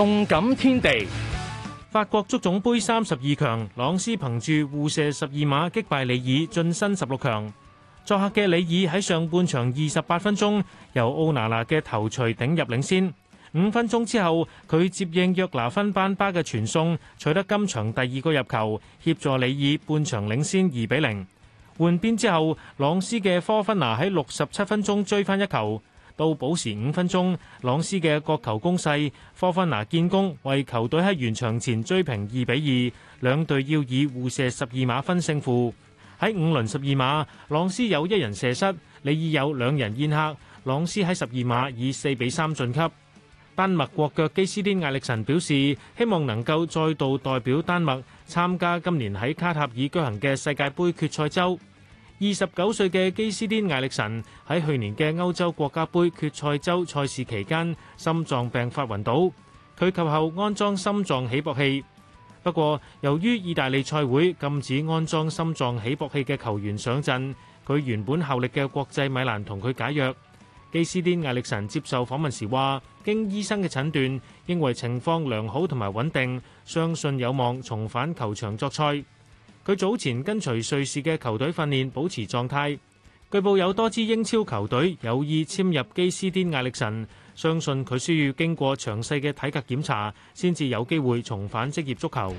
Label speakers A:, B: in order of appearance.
A: 動感天地，法國足總盃三十二強，朗斯憑住互射十二碼擊敗里爾，晉身十六強。作客嘅里爾喺上半場二十八分鐘由奧拿拿嘅頭槌頂入領先，五分鐘之後佢接應約拿芬班巴嘅傳送取得今場第二個入球，協助里爾半場領先二比零。換邊之後，朗斯嘅科芬拿喺六十七分鐘追翻一球。到補時五分鐘，朗斯嘅角球攻勢，科芬拿建功，為球隊喺完場前追平二比二。兩隊要以互射十二碼分勝負。喺五輪十二碼，朗斯有一人射失，里爾有兩人宴客。朗斯喺十二碼以四比三晉級。丹麥國腳基斯甸艾歷臣表示，希望能夠再度代表丹麥參加今年喺卡塔爾舉行嘅世界盃決賽周。二十九歲嘅基斯甸艾歷臣喺去年嘅歐洲國家杯決賽周賽事期間，心臟病發暈倒，佢及後安裝心臟起搏器。不過，由於意大利賽會禁止安裝心臟起搏器嘅球員上陣，佢原本效力嘅國際米蘭同佢解約。基斯甸艾歷臣接受訪問時話，經醫生嘅診斷，認為情況良好同埋穩定，相信有望重返球場作賽。佢早前跟隨瑞士嘅球隊訓練，保持狀態。據報有多支英超球隊有意簽入基斯甸·艾歷臣，相信佢需要經過詳細嘅體格檢查，先至有機會重返職業足球。